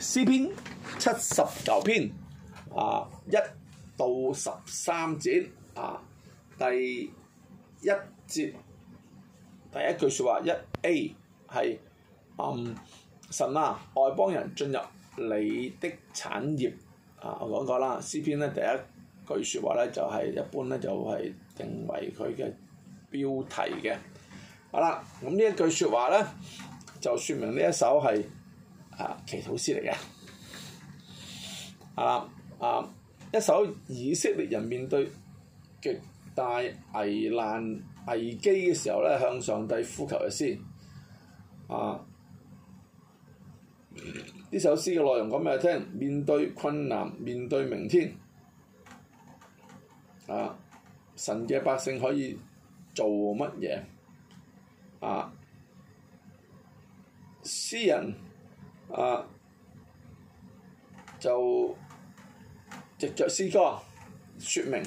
詩篇七十九篇啊，一到十三節啊，第一節第一句説話一 A 係嗯神啊，外邦人進入你的產業啊，我講過啦。詩篇咧第一句説話咧就係、是、一般咧就係、是、定為佢嘅標題嘅。好啦，咁、嗯、呢一句説話咧就説明呢一首係。啊，祈禱詩嚟嘅，啊啊，一首以色列人面對極大危難危機嘅時候咧，向上帝呼求嘅詩，啊，呢首詩嘅內容講俾你聽，面對困難，面對明天，啊，神嘅百姓可以做乜嘢？啊，詩人。啊，就藉著詩歌，説明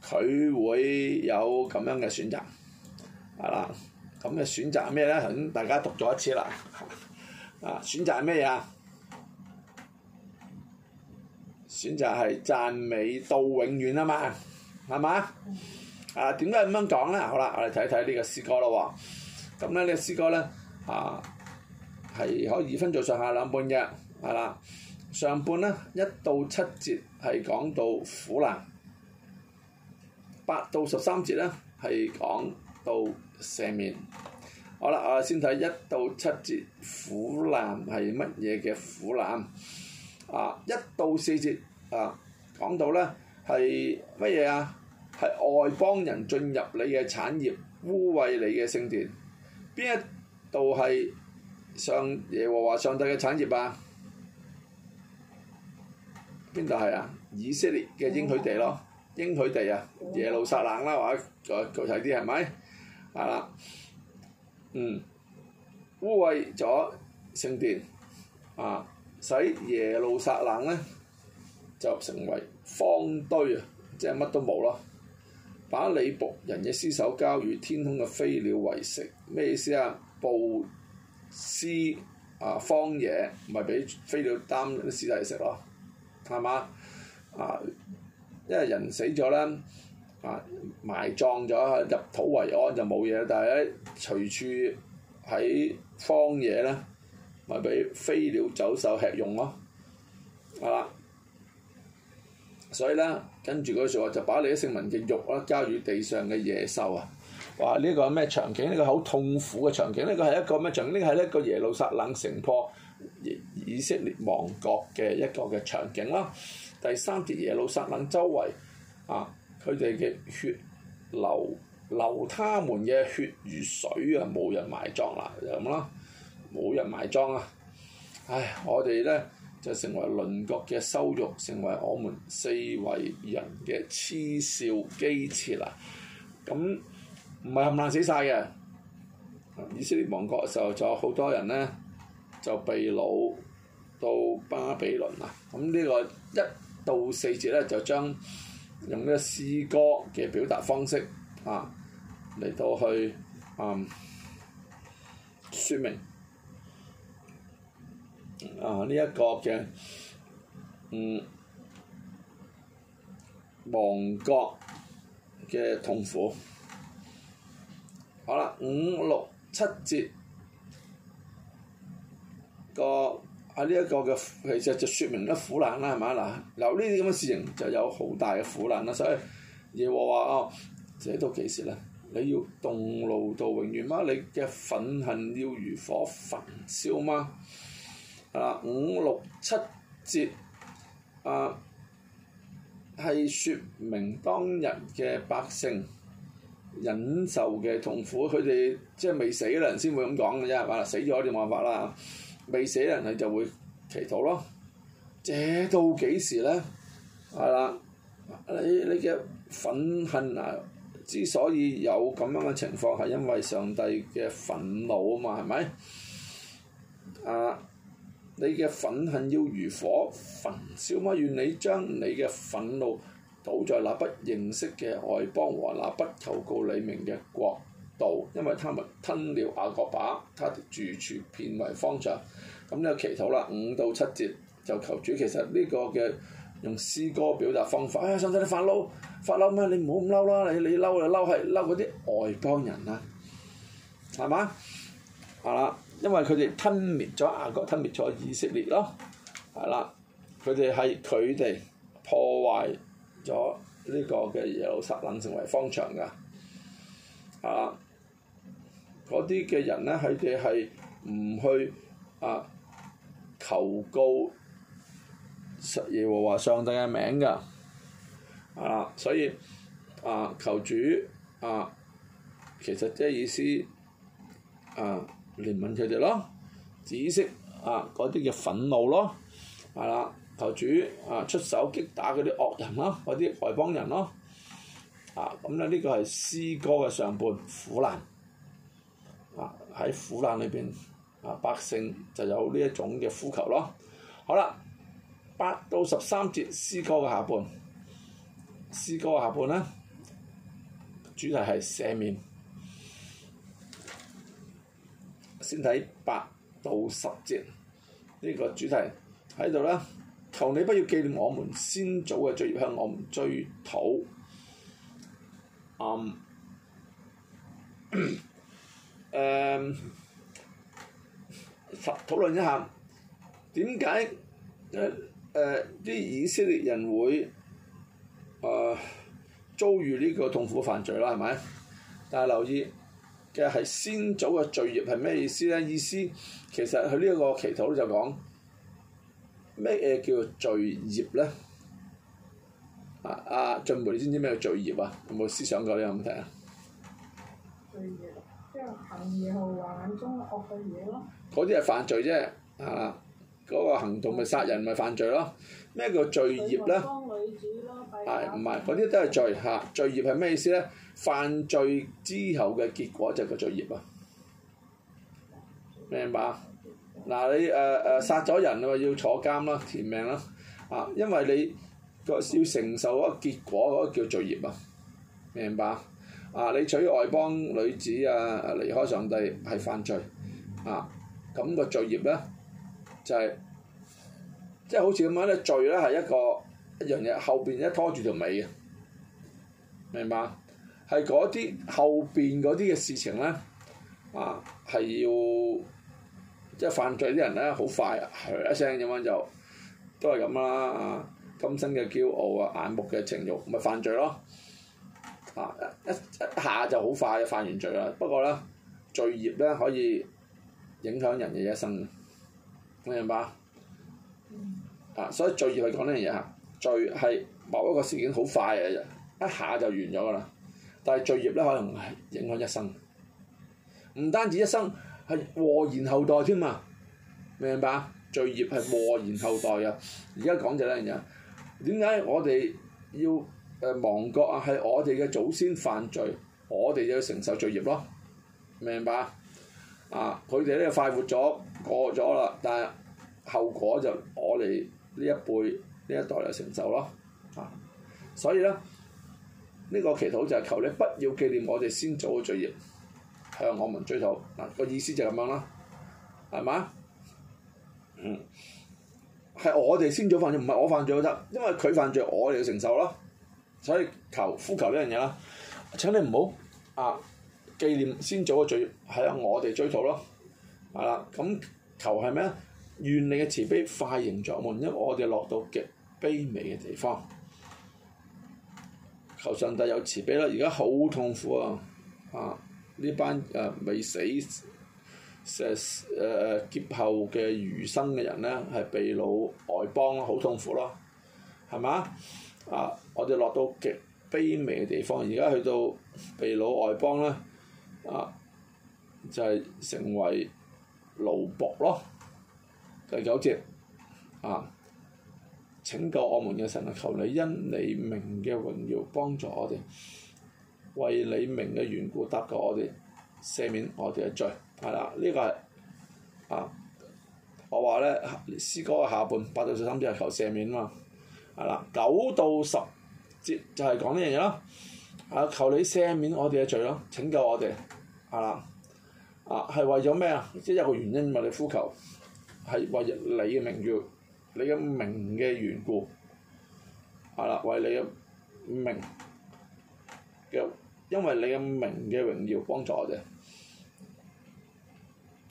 佢會有咁樣嘅選擇，係、啊、啦。咁嘅選擇係咩咧？大家讀咗一次啦。啊，選擇係咩嘢啊？選擇係讚美到永遠啊嘛，係嘛？啊，點解咁樣講咧？好啦，我哋睇睇呢個詩歌咯。咁咧呢個詩歌咧，啊。係可以分做上下兩半嘅，係啦。上半咧一到七節係講到苦難，八到十三節咧係講到赦免。好啦，我、啊、先睇一到七節苦難係乜嘢嘅苦難。啊，一到四節啊講到咧係乜嘢啊？係外邦人進入你嘅產業，污穢你嘅聖殿，邊一度係？上耶和華上帝嘅產業啊，邊度係啊？以色列嘅應許地咯，應許地啊，耶路撒冷啦、啊，話再具體啲係咪？係啦、啊，嗯，污穢咗聖殿啊，使耶路撒冷咧就成為荒堆啊，即係乜都冇咯。把你僕人嘅屍首交與天空嘅飛鳥為食，咩意思啊？暴屍啊，荒野，咪俾飛鳥擔啲屎嚟食咯，係嘛啊？因為人死咗咧，啊，埋葬咗入土為安就冇嘢，但係喺、啊、隨處喺荒野咧，咪俾飛鳥走獸吃用咯，係嘛？所以咧，跟住嗰句話，就把你啲聖民嘅肉咧交予地上嘅野獸啊！哇！呢、這、一個咩場景？呢、這個好痛苦嘅場景。呢、這個係一個咩場景？呢係一個耶路撒冷城破以色列亡國嘅一個嘅場景啦。第三節耶路撒冷周圍啊，佢哋嘅血流流，他們嘅血，血如水啊，冇人埋葬啦，就咁咯，冇人埋葬啊！唉，我哋咧就成為鄰國嘅羞辱，成為我們四圍人嘅嗤笑譏刺啦。咁、啊嗯唔係冚唪唥死晒嘅，以色列亡國嘅時候，就有好多人咧就被擄到巴比倫啊！咁呢個一到四節咧就將用呢個詩歌嘅表達方式啊嚟到去誒説、嗯、明啊呢一、這個嘅嗯亡國嘅痛苦。好啦，五六七節個喺呢一個嘅其實就説明咗苦難啦，係咪啊嗱？有呢啲咁嘅事情就有好大嘅苦難啦，所以耶和華哦，這到幾時咧？你要動怒到永遠嗎？你嘅憤恨要如火焚燒嗎？啊，五六七節啊係説明當日嘅百姓。忍受嘅痛苦，佢哋即係未死嘅人先會咁講嘅啫，係嘛？死咗就冇辦法啦。未死嘅人佢就會祈禱咯。這到幾時咧？係啦，你你嘅憤恨啊，之所以有咁樣嘅情況，係因為上帝嘅憤怒啊嘛，係咪？啊，你嘅憤恨要如火焚燒乜？願你將你嘅憤怒。倒在那不認識嘅外邦和那不求告李明嘅國度，因為他們吞了雅各，把他的住處變為荒場。咁呢個祈禱啦，五到七節就求主，其實呢個嘅用詩歌表達方法。哎呀，神神你發嬲發嬲咩？你唔好咁嬲啦，你你嬲就嬲係嬲嗰啲外邦人啦，啊，係嘛？係啦，因為佢哋吞滅咗雅各，吞滅咗以色列咯，係啦，佢哋係佢哋破壞咗呢個嘅耶路撒冷成為方場噶，啊，嗰啲嘅人咧，佢哋係唔去啊求告耶和華上帝嘅名噶，啊，所以啊求主啊，其實即係意思啊憐憫佢哋咯，止息啊嗰啲嘅憤怒咯，係啦。.頭主啊，出手擊打嗰啲惡人咯，嗰啲外邦人咯，啊，咁咧呢個係詩歌嘅上半，苦難啊，喺苦難裏邊啊，百姓就有呢一種嘅呼求咯。好啦，八到十三節詩歌嘅下半，詩歌嘅下半咧，主題係赦免。先睇八到十節呢個主題喺度啦。求你不要記念我們先祖嘅罪孽，向我們追討。啊、嗯，誒，討、嗯、論一下點解啲以色列人會、呃、遭遇呢個痛苦犯罪啦係咪？但係留意嘅係先祖嘅罪孽係咩意思咧？意思其實佢呢一個祈禱就講。咩嘢叫罪業咧？啊啊！俊梅，你知唔知咩叫罪業啊？有冇思想過呢個問題啊？罪業即係行耶和華眼中惡嘅嘢咯。嗰啲係犯罪啫，啊！嗰個行動咪殺人咪犯罪咯？咩叫罪業咧？誒，唔係嗰啲都係罪嚇。罪業係咩意思咧？犯罪之後嘅結果就係個罪業啊！明白？嗱、啊、你誒誒、啊、殺咗人喎，要坐監啦，填命啦，啊，因為你個要承受嗰個結果嗰、嗰個叫罪業啊，明白？啊，你娶外邦女子啊，離開上帝係犯罪，啊，咁、嗯嗰個罪業咧就係即係好似咁樣咧，罪咧係一個一樣嘢，後邊一拖住條尾嘅，明白？係嗰啲後邊嗰啲嘅事情咧，啊，係要。即係犯罪啲人咧，好快一聲，一聲噉樣就都係咁啦、啊。今生嘅驕傲啊，眼目嘅情慾，咪犯罪咯。啊，一一下就好快就犯完罪啦。不過咧，罪業咧可以影響人嘅一生嘅，你明唔明啊？所以罪業去講呢樣嘢嚇，罪係某一個事件好快啊，一下就完咗噶啦。但係罪業咧，可能影響一生，唔單止一生。係禍延後代添啊！明白啊？罪孽係禍延後代啊。而家講就呢樣嘢，點解我哋要誒亡國啊？係我哋嘅祖先犯罪，我哋就要承受罪孽咯。明白啊？啊，佢哋咧快活咗過咗啦，但係後果就我哋呢一輩呢一代就承受咯。啊，所以咧，呢、呢個祈禱就係求你不要記念我哋先祖嘅罪孽。向、嗯、我們追討嗱個意思就係咁樣啦，係嘛？嗯，係我哋先祖犯罪，唔係我犯罪都得，因為佢犯罪，我哋要承受咯。所以求呼求呢樣嘢啦，請你唔好啊，紀念先祖嘅罪，係啊，我哋追討咯，係、啊、啦。咁、嗯、求係咩咧？願你嘅慈悲快迎著我們，因為我哋落到極卑微嘅地方。求上帝有慈悲啦！而家好痛苦啊！啊！呢班誒、呃、未死誒誒、呃、劫後嘅餘生嘅人咧，係被老外邦好痛苦咯，係嘛？啊，我哋落到極卑微嘅地方，而家去到被老外邦咧，啊，就係、是、成為奴僕咯。第九節啊，拯救我們嘅神啊，求你因你名嘅榮耀幫助我哋。為你名嘅緣故，打救我哋，赦免我哋嘅罪，係啦，呢、這個係啊，我話咧詩歌嘅下半八到十三節係求赦免嘛、啊，係啦，九到十節就係講呢樣嘢咯，啊，求你赦免我哋嘅罪咯，拯救我哋，係啦，啊係為咗咩啊？即係一個原因嘛，你呼求係為你嘅名叫，你嘅名嘅緣故，係啦，為你嘅名嘅。因為你嘅名嘅榮耀幫助我哋，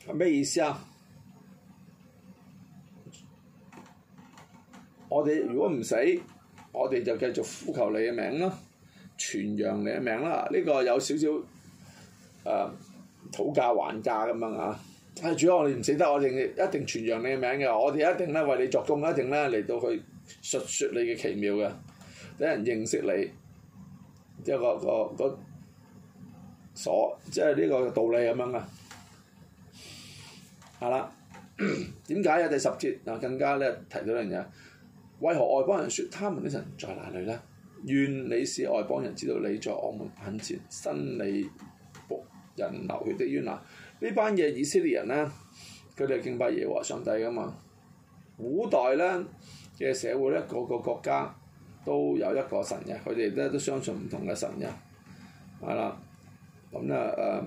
係咩意思啊？我哋如果唔死，我哋就繼續呼求你嘅名啦，傳揚你嘅名啦。呢、這個有少少誒討價還價咁樣嚇。係主要我哋唔死得，我哋一定傳揚你嘅名嘅，我哋一定咧為你作工，一定咧嚟到去述説你嘅奇妙嘅，等人認識你一、這個、這個嗰。這個這個所即係呢個道理咁樣啊，係啦。點解啊？第十節嗱更加咧提到一樣嘢，為何外邦人説他們的神在哪裡呢？願你是外邦人知道你在我們眼前，申你僕人流血的冤啊！呢班嘢以色列人呢，佢哋係敬拜耶和上帝噶嘛。古代咧嘅社會咧，個個國家都有一個神嘅，佢哋咧都相信唔同嘅神嘅，係啦。咁咧誒，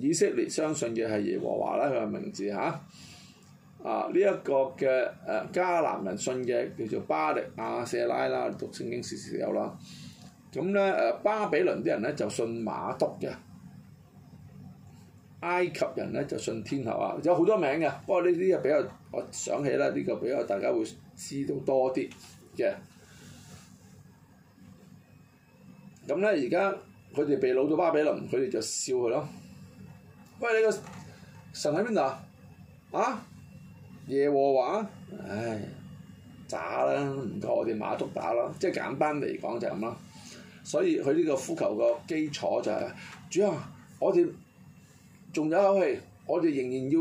以色列相信嘅係耶和華啦，佢嘅名字嚇。啊，呢、這、一個嘅誒迦南人信嘅叫做巴力亞舍拉啦，讀聖經時時有啦。咁咧誒巴比倫啲人咧就信馬督嘅。埃及人咧就信天后啊，有好多名嘅。不過呢啲啊比較，我想起啦，呢、這個比較大家會知道多啲嘅。咁咧而家。佢哋被老咗巴比倫，佢哋就笑佢咯。喂，你個神喺邊度啊？啊，耶和華，唉，渣啦，唔夠我哋馬督打啦，即係簡單嚟講就係咁咯。所以佢呢個呼求個基礎就係、是、主啊，我哋仲有口氣，我哋仍然要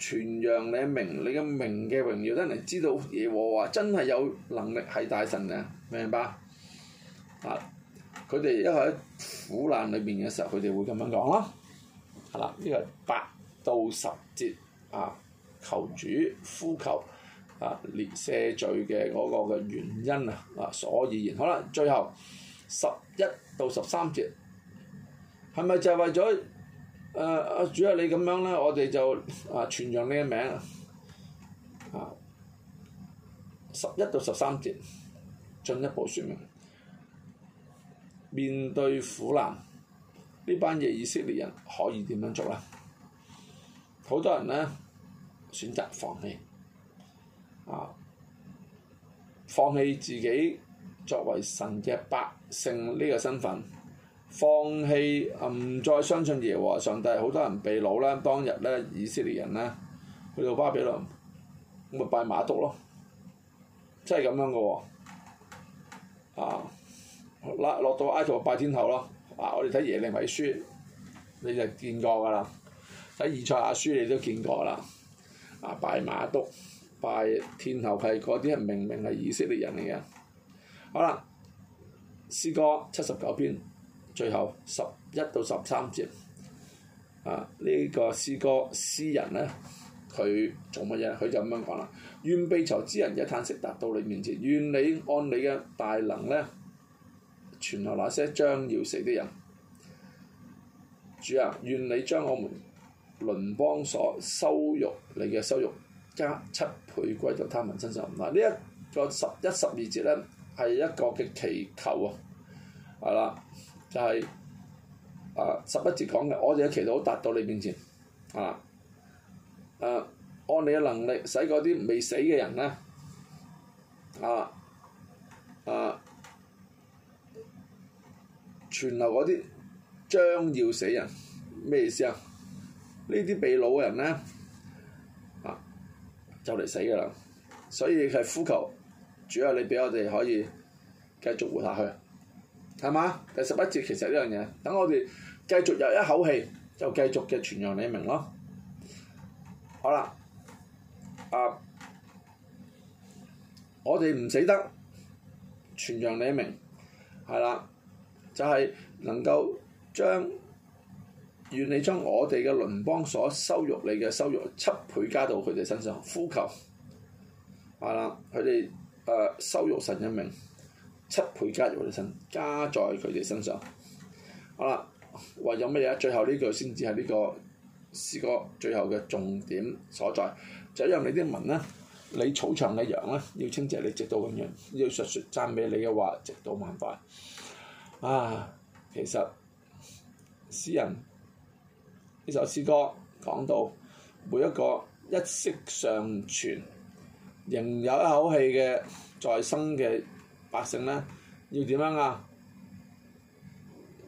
傳揚你嘅名，你嘅名嘅榮耀，得嚟知道耶和華真係有能力係大神啊，明唔明白？啊！佢哋一喺苦難裏邊嘅時候，佢哋會咁樣講啦，係啦，呢個係八到十節啊，求主呼求啊列赦罪嘅嗰個嘅原因啊，啊所以然，好啦，最後十一到十三節係咪就係為咗誒啊，主啊你咁樣咧，我哋就啊傳揚你嘅名啊，十一到十三節進一步説明。面對苦難，呢班嘢以色列人可以點樣做咧？好多人呢選擇放棄，啊，放棄自己作為神嘅百姓呢個身份，放棄唔再相信耶和華上帝。好多人被擄咧，當日咧以色列人呢去到巴比倫，咁咪拜馬督咯，真係咁樣嘅喎、哦，啊！落落到埃及拜天后咯！啊，我哋睇耶利米書，你就見過㗎啦。睇二賽亞書，你都見過啦。啊，拜馬督、拜天后係嗰啲係明明係以色列人嚟嘅。好啦，詩歌七十九篇，最後十一到十三節。啊，這個、詩詩呢個詩歌詩人咧，佢做乜嘢？佢就咁樣講啦：願被囚之人嘅嘆息達到你面前，願你按你嘅大能咧。存活那些將要死的人，主啊，願你將我們鄰邦所羞辱，辱，你嘅羞辱加七倍歸在他們身上。嗱、啊，呢、這、一個十一十二節咧，係一個嘅祈求啊，係、就、啦、是，就係啊十一節講嘅，我哋嘅祈禱達到你面前，啊，誒、啊，按你嘅能力，使嗰啲未死嘅人咧，啊，啊。存留嗰啲將要死人，咩意思啊？呢啲被老嘅人咧，啊，就嚟死噶啦，所以係呼求，主要你俾我哋可以繼續活下去，係嘛？第十一節其實呢樣嘢，等我哋繼續有一口氣，就繼續嘅傳揚你名咯。好啦，啊，我哋唔死得，傳揚你名，係啦。就係能夠將，願你將我哋嘅鄰邦所羞辱你嘅羞辱七倍加到佢哋身上，呼求，係啦，佢哋誒羞辱神一名，七倍加入佢哋身，加在佢哋身上，好啦，為咗乜嘢？最後呢句先至係呢個詩歌最後嘅重點所在，就讓、是、你啲民咧，你草場嘅羊咧，要稱謝你直到永遠，要述説讚美你嘅話直到萬代。啊，其實詩人呢首詩歌講到每一個一息尚存，仍有一口氣嘅在生嘅百姓咧，要點樣啊？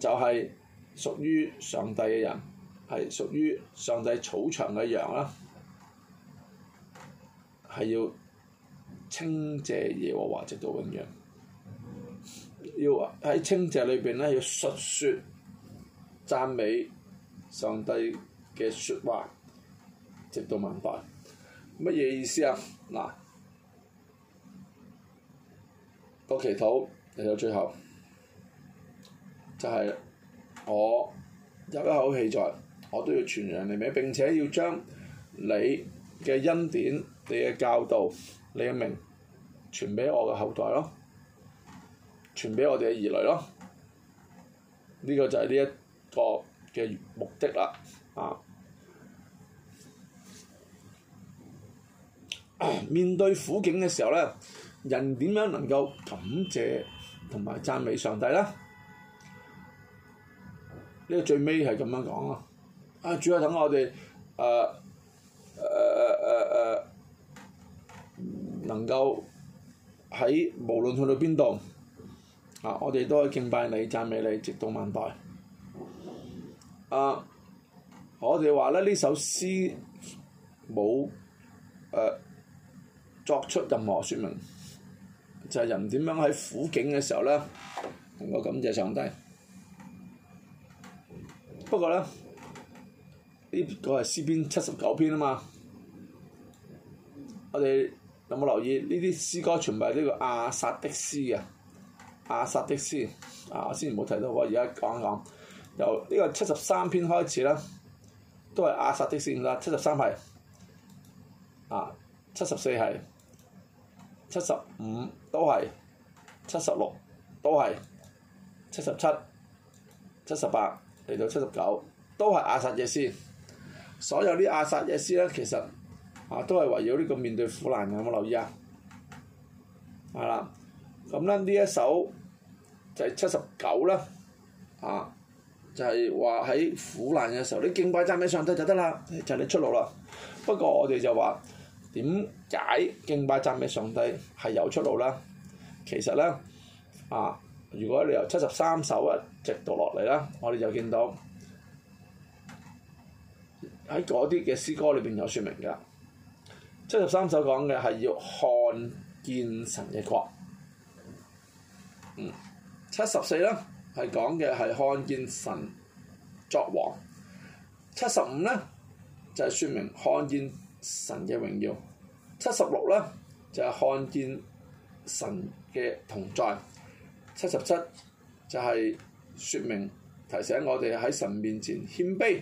就係屬於上帝嘅人，係屬於上帝草場嘅羊啦，係要稱謝耶和華直到永遠。要喺稱謝裏邊咧，要述説讚美上帝嘅説話，直到萬代，乜嘢意思啊？嗱，那個祈禱嚟到最後就係、是、我有一口氣在，我都要傳揚你名，並且要將你嘅恩典、你嘅教導、你嘅名傳俾我嘅後代咯。傳俾我哋嘅兒女咯，呢、這個就係呢一個嘅目的啦、啊。啊，面對苦境嘅時候咧，人點樣能夠感謝同埋讚美上帝咧？呢、這個、最尾係咁樣講咯，啊主要等我哋誒誒誒誒能夠喺無論去到邊度。啊！我哋都可以敬拜你、讚美你，直到萬代。啊！我哋話咧，呢首詩冇、呃、作出任何説明，就係、是、人點樣喺苦境嘅時候咧，能夠感謝上帝。不過咧，呢、呢個係詩篇七十九篇啊嘛。我哋有冇留意呢啲詩歌全部係呢個亞薩的詩嘅？亞薩的詩，啊，先唔好提到，我而家講一講，由呢個七十三篇開始啦，都係亞薩的詩啦。七十三係，啊，七十四係，七十五都係，七十六都係，七十七、七十八嚟到七十九都係亞薩的詩。啊、77, 79，阿詩所有啲亞薩的詩咧，其實啊都係圍繞呢個面對苦難，有冇留意啊？係啦。咁咧呢一首就係七十九啦，啊，就係話喺苦難嘅時候，你敬拜讚美上帝就得啦，就係、是、你出路啦。不過我哋就話點解敬拜讚美上帝係有出路啦？其實咧，啊，如果你由七十三首一直讀落嚟啦，我哋就見到喺嗰啲嘅詩歌裏邊有説明㗎。七十三首講嘅係要看見神嘅國。嗯，七十四啦，係講嘅係看見神作王；七十五咧就係、是、説明看見神嘅榮耀；七十六咧就係、是、看見神嘅同在；七十七就係説明提醒我哋喺神面前謙卑，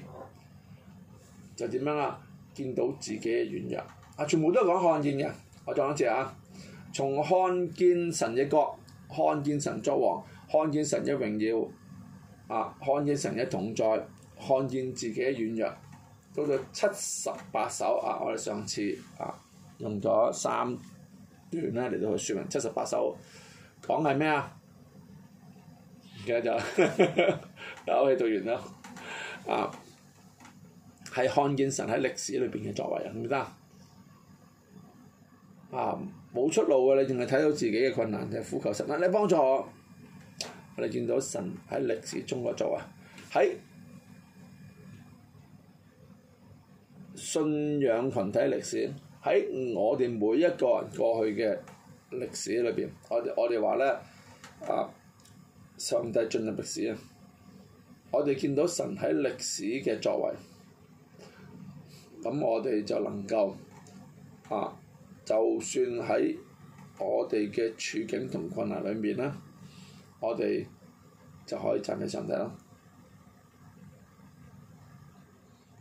就點樣啦？見到自己嘅軟弱，啊，全部都係講看見嘅。我再講一次啊，從看見神嘅角。看見神作王，看見神嘅榮耀，啊！看見神一同在，看見自己嘅軟弱，到咗七十八首啊！我哋上次啊用咗三段咧嚟到去説明七十八首講係咩啊？唔記得咗嗱，我哋讀完啦，啊！係看見神喺歷史裏邊嘅作為啊，明唔明啊？啊！冇出路嘅，你仲係睇到自己嘅困難，就係呼求神，嗱，你幫助我。我哋見到神喺歷史中嘅作為，喺信仰群體歷史，喺我哋每一個人過去嘅歷史裏邊，我哋我哋話咧，啊，上帝進入歷史啊，我哋見到神喺歷史嘅作為，咁我哋就能夠啊。就算喺我哋嘅處境同困難裏面啦，我哋就可以站起上嚟咯。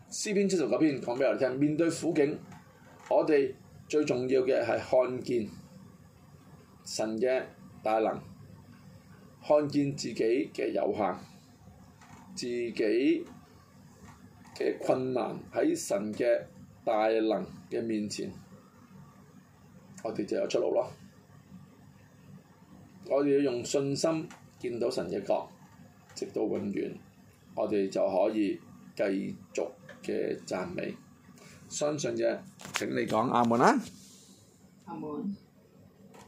詩篇七十九篇講俾我哋聽，面對苦境，我哋最重要嘅係看見神嘅大能，看見自己嘅有限，自己嘅困難喺神嘅大能嘅面前。我哋就有出路咯！我哋要用信心見到神嘅國，直到永遠，我哋就可以繼續嘅讚美。相信嘅，請你講，阿門啊！阿門。